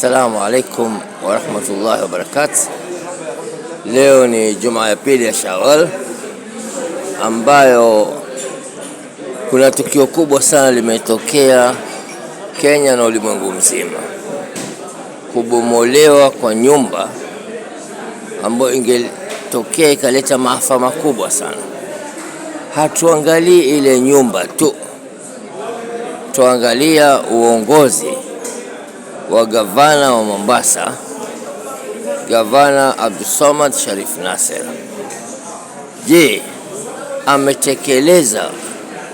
Assalamu alaikum warahmatullahi wabarakatu. Leo ni Jumaa ya pili ya shawal ambayo kuna tukio kubwa sana limetokea Kenya na ulimwengu mzima, kubomolewa kwa nyumba ambayo ingetokea ikaleta maafa makubwa sana. Hatuangalii ile nyumba tu, tuangalia uongozi wa gavana wa Mombasa, Gavana Abdulsamad Sharif Nasser, Je, ametekeleza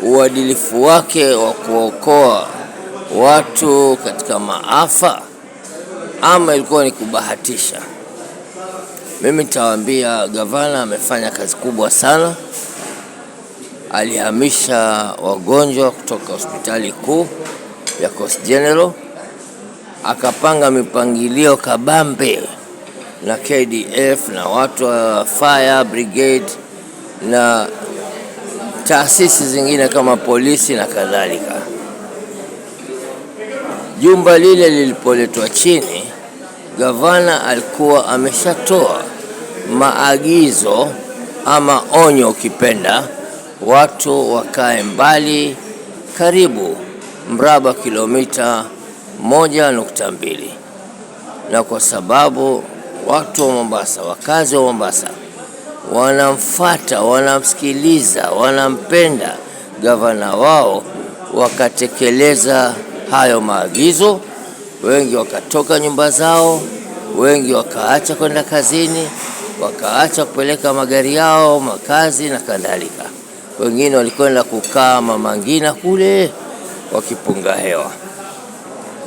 uadilifu wake wa kuokoa watu katika maafa ama ilikuwa ni kubahatisha? Mimi nitawaambia, gavana amefanya kazi kubwa sana. Alihamisha wagonjwa kutoka hospitali kuu ya Coast General akapanga mipangilio kabambe na KDF na watu wa fire brigade na taasisi zingine kama polisi na kadhalika. Jumba lile lilipoletwa chini, gavana alikuwa ameshatoa maagizo ama onyo, ukipenda watu wakae mbali karibu mraba kilomita moja nukta mbili na kwa sababu watu wa Mombasa, wakazi wa Mombasa wanamfata, wanamsikiliza, wanampenda gavana wao, wakatekeleza hayo maagizo. Wengi wakatoka nyumba zao, wengi wakaacha kwenda kazini, wakaacha kupeleka magari yao makazi na kadhalika. Wengine walikwenda kukaa Mama Ngina kule wakipunga hewa.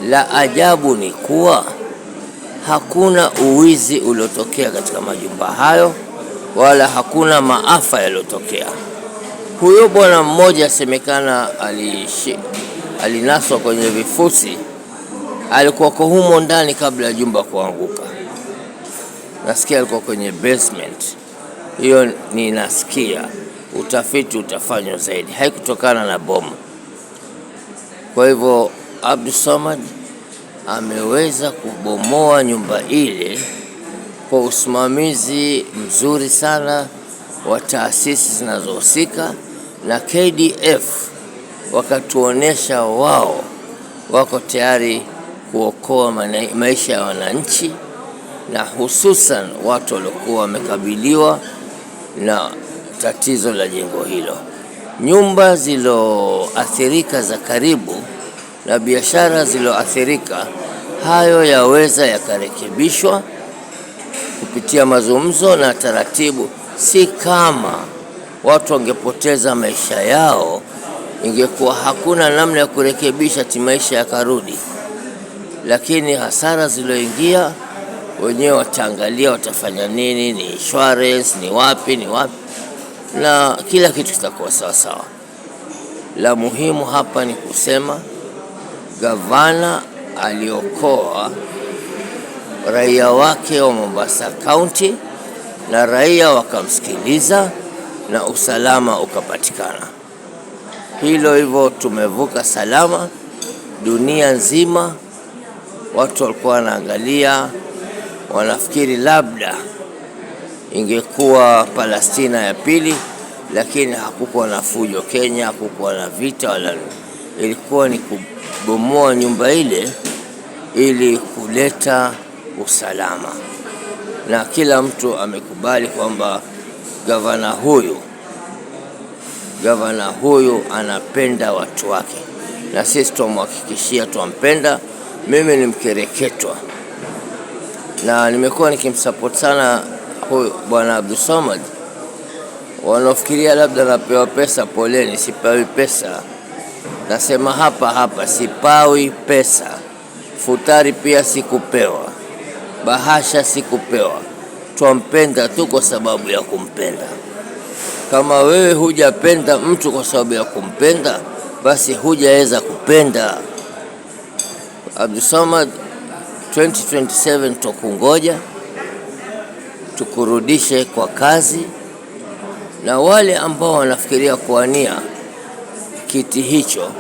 La ajabu ni kuwa hakuna uwizi uliotokea katika majumba hayo wala hakuna maafa yaliyotokea. Huyo bwana mmoja asemekana alinaswa kwenye vifusi, alikuwako humo ndani kabla ya jumba kuanguka. Nasikia alikuwa kwenye basement hiyo, ninasikia utafiti utafanywa zaidi, haikutokana na bomu. Kwa hivyo abdusamad ameweza kubomoa nyumba ile kwa usimamizi mzuri sana wa taasisi zinazohusika na KDF, wakatuonesha wao wako tayari kuokoa maisha ya wananchi na hususan watu waliokuwa wamekabiliwa na tatizo la jengo hilo. Nyumba zilizoathirika za karibu na biashara zilizoathirika, hayo yaweza yakarekebishwa kupitia mazungumzo na taratibu. Si kama watu wangepoteza maisha yao, ingekuwa hakuna namna ya kurekebisha ti maisha yakarudi, lakini hasara zilizoingia wenyewe wataangalia watafanya nini, ni insurance, ni wapi ni wapi, na kila kitu kitakuwa sawasawa. La muhimu hapa ni kusema gavana aliokoa raia wake wa Mombasa County na raia wakamsikiliza na usalama ukapatikana. Hilo hivyo tumevuka salama. Dunia nzima watu walikuwa wanaangalia, wanafikiri labda ingekuwa Palestina ya pili, lakini hakukuwa na fujo Kenya, hakukuwa na vita wala ilikuwa ni kubomoa nyumba ile ili kuleta usalama, na kila mtu amekubali kwamba gavana huyu gavana huyu anapenda watu wake, na sisi twamhakikishia twampenda. Mimi ni mkereketwa na nimekuwa nikimsupport sana huyu bwana Abdulsamad. Wanaofikiria labda napewa pesa, poleni, sipewi pesa. Nasema hapa hapa, sipawi pesa, futari pia sikupewa, bahasha sikupewa. Twampenda tu kwa sababu ya kumpenda. Kama wewe hujapenda mtu kwa sababu ya kumpenda, basi hujaweza kupenda. Abdusamad, 2027 tukungoja, tukurudishe kwa kazi, na wale ambao wanafikiria kuania kiti hicho,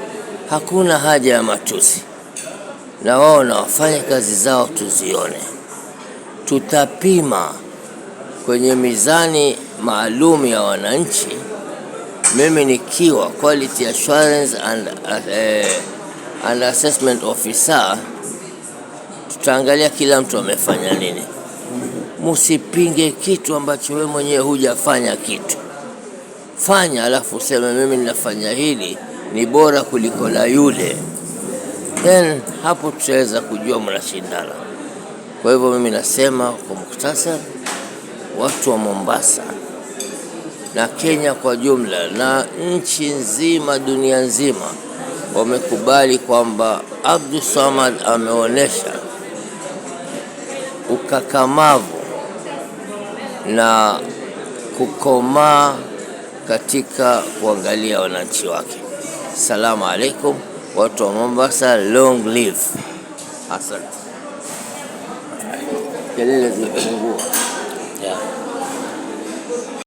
hakuna haja ya matusi, na wao na wafanya kazi zao tuzione. Tutapima kwenye mizani maalum ya wananchi, mimi nikiwa quality assurance and, uh, and assessment officer, tutaangalia kila mtu amefanya nini. Musipinge kitu ambacho wewe mwenyewe hujafanya kitu fanya, alafu useme mimi ninafanya hili ni bora kuliko la yule, then hapo tutaweza kujua mnashindana. Kwa hivyo mimi nasema kwa muktasar watu wa Mombasa na Kenya kwa jumla na nchi nzima, dunia nzima wamekubali kwamba Abdul Samad ameonyesha ukakamavu na kukomaa katika kuangalia wananchi wake. Salamu alaikum watu wa Mombasa, long live. Asante. Kelele zimepungua.